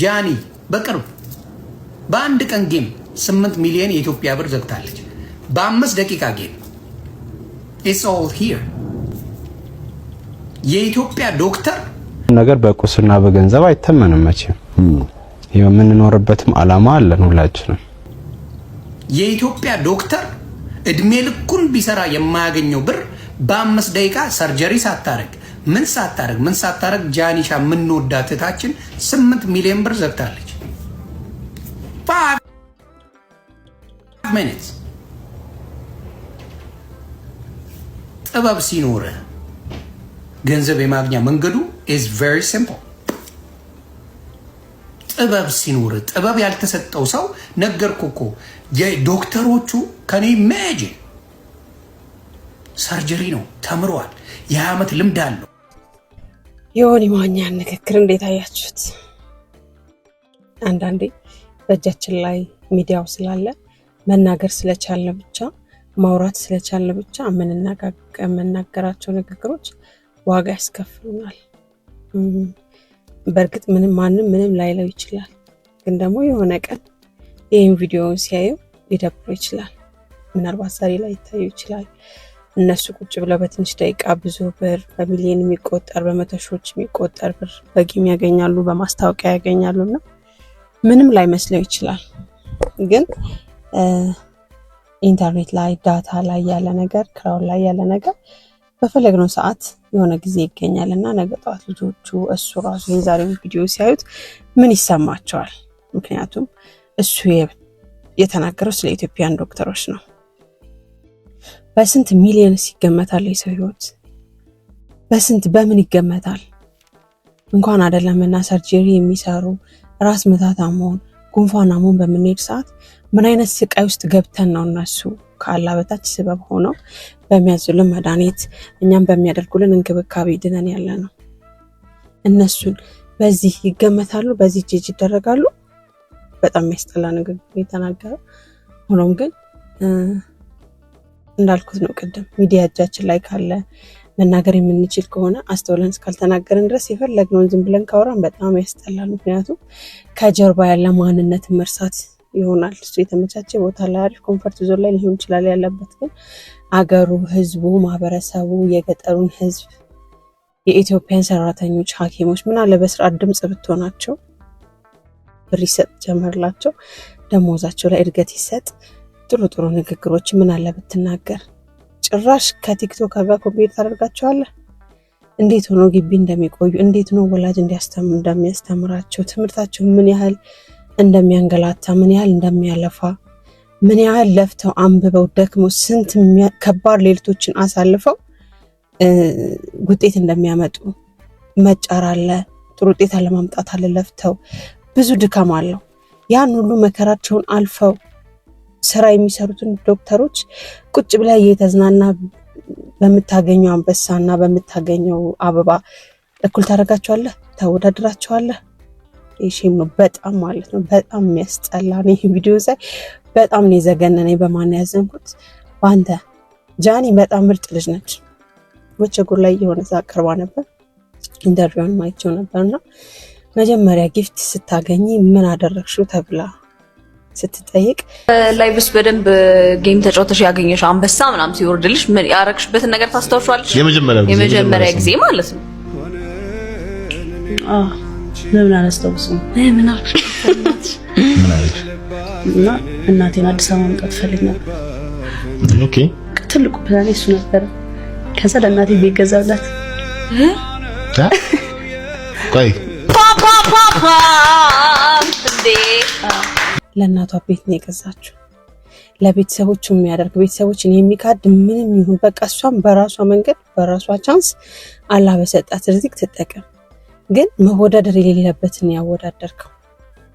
ጃኒ በቅርብ በአንድ ቀን ጌም ስምንት ሚሊዮን የኢትዮጵያ ብር ዘግታለች። በአምስት ደቂቃ ጌም ኢትስ ኦል ሂር። የኢትዮጵያ ዶክተር ነገር በቁስና በገንዘብ አይተመንም። መቼም hmm. የምንኖርበትም አላማ አለን ሁላችንም። የኢትዮጵያ ዶክተር እድሜ ልኩን ቢሰራ የማያገኘው ብር በአምስት ደቂቃ ሰርጀሪ ሳታረግ ምን ሳታረግ ምን ሳታረግ ጃኒሻ የምንወዳት እህታችን ስምንት ሚሊዮን ብር ዘግታለች። ጥበብ ሲኖረ ገንዘብ የማግኛ መንገዱ ኢዝ ቬሪ ሲምፕል። ጥበብ ሲኖር ጥበብ ያልተሰጠው ሰው ነገርኩ እኮ ዶክተሮቹ ከኔ መጅ ሰርጀሪ ነው ተምረዋል። የዓመት ልምድ አለው። የዮኒ ማኛን ንግግር እንዴት አያችሁት? አንዳንዴ በእጃችን ላይ ሚዲያው ስላለ መናገር ስለቻለ ብቻ ማውራት ስለቻለ ብቻ የምናገራቸው ንግግሮች ዋጋ ያስከፍሉናል። በእርግጥ ምንም ማንም ምንም ላይለው ይችላል፣ ግን ደግሞ የሆነ ቀን ይህን ቪዲዮውን ሲያየው ሊደብሮ ይችላል። ምናልባት ዛሬ ላይ ይታየው ይችላል እነሱ ቁጭ ብለው በትንሽ ደቂቃ ብዙ ብር በሚሊዮን የሚቆጠር በመቶ ሺዎች የሚቆጠር ብር በጊም ያገኛሉ፣ በማስታወቂያ ያገኛሉ። እና ምንም ላይመስለው ይችላል፣ ግን ኢንተርኔት ላይ ዳታ ላይ ያለ ነገር ክራውን ላይ ያለ ነገር በፈለግነው ሰዓት የሆነ ጊዜ ይገኛል እና ነገ ጠዋት ልጆቹ እሱ ራሱ የዛሬውን ቪዲዮ ሲያዩት ምን ይሰማቸዋል? ምክንያቱም እሱ የተናገረው ስለ ኢትዮጵያን ዶክተሮች ነው። በስንት ሚሊዮንስ ይገመታል የሰው ህይወት? በስንት በምን ይገመታል? እንኳን አይደለም እና ሰርጀሪ የሚሰሩ ራስ ምታታመውን ጉንፋናሙን በምንሄድ ሰዓት ምን አይነት ስቃይ ውስጥ ገብተን ነው እነሱ ከአላ በታች ስበብ ሆነው በሚያዙልን መድኃኒት እኛም በሚያደርጉልን እንክብካቤ ድነን ያለ ነው። እነሱን በዚህ ይገመታሉ፣ በዚህ ጅጅ ይደረጋሉ። በጣም የሚያስጠላ ንግግር የተናገረ ሆኖም ግን እንዳልኩት ነው ቅድም ሚዲያ እጃችን ላይ ካለ መናገር የምንችል ከሆነ አስተውለን እስካልተናገርን ድረስ የፈለግነውን ዝም ብለን ካወራን በጣም ያስጠላል። ምክንያቱም ከጀርባ ያለ ማንነት መርሳት ይሆናል። እሱ የተመቻቸ ቦታ ላይ አሪፍ ኮንፈርት ዞን ላይ ሊሆን ይችላል ያለበት፣ ግን አገሩ፣ ህዝቡ፣ ማህበረሰቡ፣ የገጠሩን ህዝብ፣ የኢትዮጵያን ሰራተኞች፣ ሐኪሞች ምን አለ በስርዓት ድምፅ ብትሆናቸው ብር ይሰጥ ጀመርላቸው፣ ደሞዛቸው ላይ እድገት ይሰጥ ጥሩ ጥሩ ንግግሮች ምን አለ ብትናገር። ጭራሽ ከቲክቶክ ጋር ኮምፔር ታደርጋቸዋለህ። እንዴት ሆኖ ግቢ እንደሚቆዩ እንዴት ነው ወላጅ እንደሚያስተምራቸው ትምህርታቸው ምን ያህል እንደሚያንገላታ ምን ያህል እንደሚያለፋ ምን ያህል ለፍተው አንብበው ደክመው ስንት ከባድ ሌሊቶችን አሳልፈው ውጤት እንደሚያመጡ መጫር አለ፣ ጥሩ ውጤት አለማምጣት አለ፣ ለፍተው ብዙ ድካም አለው። ያን ሁሉ መከራቸውን አልፈው ስራ የሚሰሩትን ዶክተሮች ቁጭ ብላ እየተዝናና በምታገኘው አንበሳ እና በምታገኘው አበባ እኩል ታደርጋቸዋለህ፣ ታወዳድራቸዋለህ። ሼም ነው በጣም ማለት ነው። በጣም የሚያስጠላ ይህ ቪዲዮ ሳይ በጣም ነው የዘገነነኝ። በማን ያዘንኩት? በአንተ ጃኒ። በጣም ምርጥ ልጅ ነች። ወቸጉር ላይ የሆነ ሰ ቀርባ ነበር፣ ኢንተርቪዋን ማይቸው ነበር እና መጀመሪያ ጊፍት ስታገኝ ምን አደረግሽው ተብላ ስትጠይቅ ውስጥ በደንብ ጌም ተጫውተሽ ያገኘሽ አንበሳ ምናምን ሲወርድልሽ ምን ያረግሽበትን ነገር ታስታውሻለሽ? የመጀመሪያ ጊዜ ማለት ነው። ለምን አላስታውስም? ምን እና እናቴን አዲስ አበባ መምጣት ፈልግ ነበር። ኦኬ ትልቁ ፕላኔ እሱ ነበር። ከዛ ለእናቴ ቤት ገዛላት። ቆይ ፓፓፓፓ ለእናቷ ቤት ነው የገዛችው። ለቤተሰቦች የሚያደርግ ቤተሰቦችን የሚካድ ምንም ይሁን በቃ እሷም በራሷ መንገድ በራሷ ቻንስ አላህ በሰጣት ርዚቅ ትጠቀም። ግን መወዳደር የሌለበትን ያወዳደርከው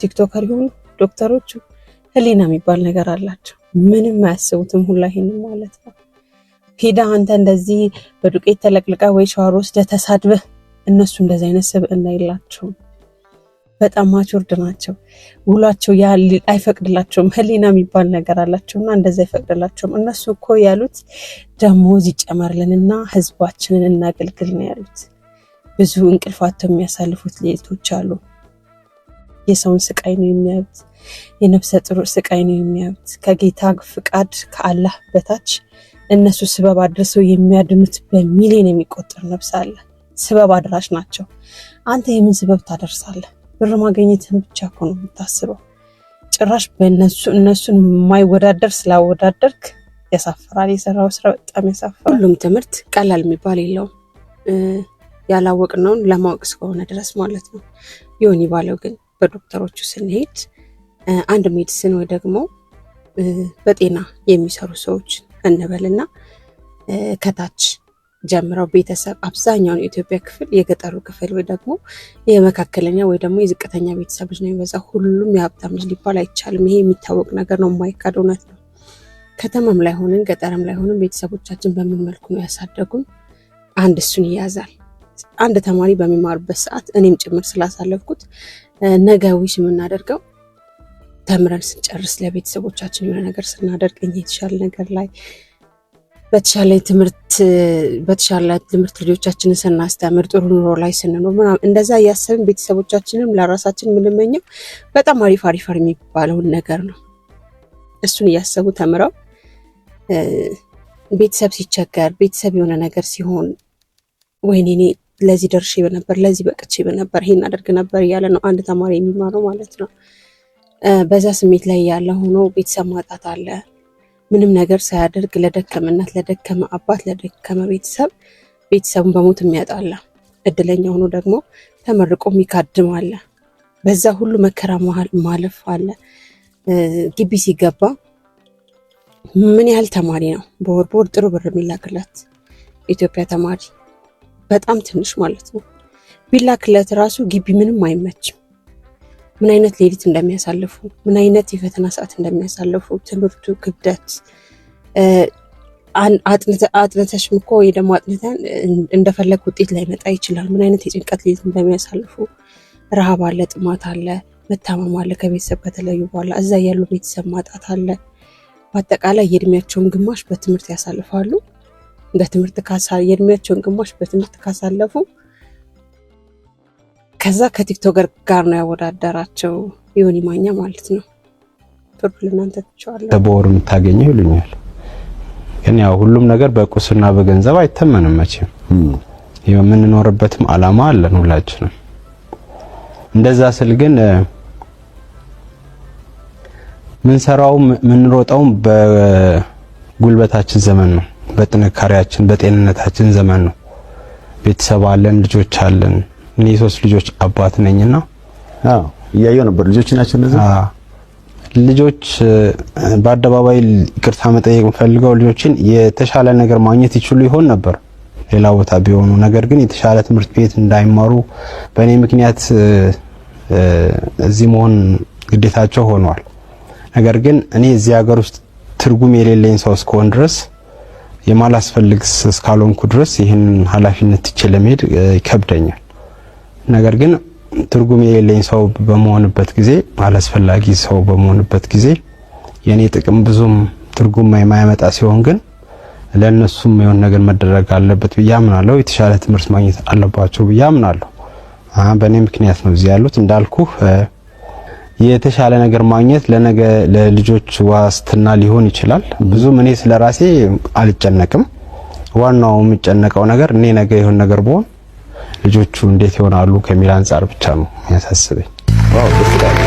ቲክቶከር ይሁኑ ዶክተሮቹ ህሊና የሚባል ነገር አላቸው። ምንም አያስቡትም ሁላ ይህን ማለት ነው። ሄዳ አንተ እንደዚህ በዱቄት ተለቅልቀ ወይ ሸዋሮ ወስደ ተሳድበህ እነሱ እንደዚህ አይነት ስብዕና የላቸውም። በጣም ማቾርድ ናቸው። ውሏቸው አይፈቅድላቸውም። ህሊና የሚባል ነገር አላቸው እና እንደዚ አይፈቅድላቸውም። እነሱ እኮ ያሉት ደሞዝ ይጨመርልንና ህዝባችንን እናገልግል ነው ያሉት። ብዙ እንቅልፋቸው የሚያሳልፉት ሌሊቶች አሉ። የሰውን ስቃይ ነው የሚያዩት። የነፍሰ ጥሩ ስቃይ ነው የሚያዩት። ከጌታ ፍቃድ ከአላህ በታች እነሱ ስበብ አድርሰው የሚያድኑት በሚሊዮን የሚቆጠር ነፍስ አለ። ስበብ አድራሽ ናቸው። አንተ የምን ስበብ ታደርሳለህ? ብር ማግኘትህን ብቻ እኮ ነው የምታስበው። ጭራሽ በእነሱ እነሱን የማይወዳደር ስላወዳደርክ ያሳፍራል። የሰራው ስራ በጣም ያሳፍራል። ሁሉም ትምህርት ቀላል የሚባል የለውም ያላወቅነውን ለማወቅ እስከሆነ ድረስ ማለት ነው። ዮኒ ባለው ግን በዶክተሮቹ ስንሄድ አንድ ሜዲስን ወይ ደግሞ በጤና የሚሰሩ ሰዎች እንበልና ከታች ጀምረው ቤተሰብ አብዛኛውን የኢትዮጵያ ክፍል የገጠሩ ክፍል ወይ ደግሞ የመካከለኛ ወይ ደግሞ የዝቅተኛ ቤተሰብ ነው የሚበዛ። ሁሉም የሀብታም ልጅ ሊባል አይቻልም። ይሄ የሚታወቅ ነገር ነው፣ የማይካድ እውነት ነው። ከተማም ላይ ሆንን ገጠርም ላይ ሆንን ቤተሰቦቻችን በምን መልኩ ነው ያሳደጉን፣ አንድ እሱን ይያዛል። አንድ ተማሪ በሚማርበት ሰዓት እኔም ጭምር ስላሳለፍኩት ነገ ዊሽ የምናደርገው ተምረን ስንጨርስ ለቤተሰቦቻችን የሆነ ነገር ስናደርግ እኛ የተሻለ ነገር ላይ በተሻለ ትምህርት በተሻለ ትምህርት ልጆቻችንን ስናስተምር ጥሩ ኑሮ ላይ ስንኖር ምናምን እንደዛ እያሰብን ቤተሰቦቻችንም ለራሳችን የምንመኘው በጣም አሪፍ አሪፍ የሚባለውን ነገር ነው። እሱን እያሰቡ ተምረው ቤተሰብ ሲቸገር ቤተሰብ የሆነ ነገር ሲሆን ወይኔ እኔ ለዚህ ደርሼ በነበር ለዚህ በቅቼ በነበር ይሄን አደርግ ነበር እያለ ነው አንድ ተማሪ የሚማረው ማለት ነው። በዛ ስሜት ላይ ያለ ሆኖ ቤተሰብ ማጣት አለ ምንም ነገር ሳያደርግ ለደከመ እናት፣ ለደከመ አባት፣ ለደከመ ቤተሰብ ቤተሰቡን በሞት የሚያጣላ እድለኛ ሆኖ ደግሞ ተመርቆ የሚካድም አለ። በዛ ሁሉ መከራ ማለፍ አለ። ግቢ ሲገባ ምን ያህል ተማሪ ነው በወር በወር ጥሩ ብር የሚላክለት ኢትዮጵያ ተማሪ በጣም ትንሽ ማለት ነው። ቢላክለት ራሱ ግቢ ምንም አይመችም። ምን አይነት ሌሊት እንደሚያሳልፉ፣ ምን አይነት የፈተና ሰዓት እንደሚያሳልፉ ትምህርቱ ክብደት አጥንተሽም እኮ ወይ ደግሞ አጥንተን እንደፈለግ ውጤት ላይመጣ ይችላል። ምን አይነት የጭንቀት ሌሊት እንደሚያሳልፉ፣ ረሃብ አለ፣ ጥማት አለ፣ መታመም አለ፣ ከቤተሰብ ከተለዩ በኋላ እዛ ያሉ ቤተሰብ ማጣት አለ። በአጠቃላይ የእድሜያቸውን ግማሽ በትምህርት ያሳልፋሉ። በትምህርት የእድሜያቸውን ግማሽ በትምህርት ካሳለፉ ከዛ ከቲክቶከር ጋር ነው ያወዳደራቸው ዮኒ ማኛ ማለት ነው። ፍርዱ ለእናንተ ትቸዋለሁ። በወር የምታገኘው ይሉኛል። ግን ያው ሁሉም ነገር በቁስና በገንዘብ አይተመንም መቼም። የምንኖርበትም አላማ አለን ሁላችንም። እንደዛ ስል ግን ምንሰራውም ምንሮጠውም በጉልበታችን ዘመን ነው፣ በጥንካሬያችን በጤንነታችን ዘመን ነው። ቤተሰብ አለን፣ ልጆች አለን እኔ ሶስት ልጆች አባት ነኝና፣ አዎ ነበር። ልጆች ናቸው እንደዚህ። ልጆች በአደባባይ ይቅርታ መጠየቅ የምፈልገው ልጆችን የተሻለ ነገር ማግኘት ይችሉ ይሆን ነበር ሌላ ቦታ ቢሆኑ፣ ነገር ግን የተሻለ ትምህርት ቤት እንዳይማሩ በእኔ ምክንያት እዚህ መሆን ግዴታቸው ሆኗል። ነገር ግን እኔ እዚህ ሀገር ውስጥ ትርጉም የሌለኝ ሰው እስከሆን ድረስ የማላስፈልግ እስካልሆንኩ ድረስ ይህን ኃላፊነት ትቼ ለመሄድ ይከብደኛል። ነገር ግን ትርጉም የሌለኝ ሰው በመሆንበት ጊዜ አላስፈላጊ ሰው በመሆንበት ጊዜ የኔ ጥቅም ብዙም ትርጉም የማያመጣ ሲሆን ግን ለነሱም የሆነ ነገር መደረግ አለበት ብዬ አምናለሁ። የተሻለ ትምህርት ማግኘት አለባቸው ብዬ አምናለሁ። በእኔ ምክንያት ነው እዚህ ያሉት እንዳልኩ የተሻለ ነገር ማግኘት ለነገ ለልጆች ዋስትና ሊሆን ይችላል። ብዙም እኔ ስለ ራሴ አልጨነቅም። ዋናው የምጨነቀው ነገር እኔ ነገ ይሁን ነገር ብሆን ልጆቹ እንዴት ይሆናሉ ከሚል አንጻር ብቻ ነው የሚያሳስበኝ።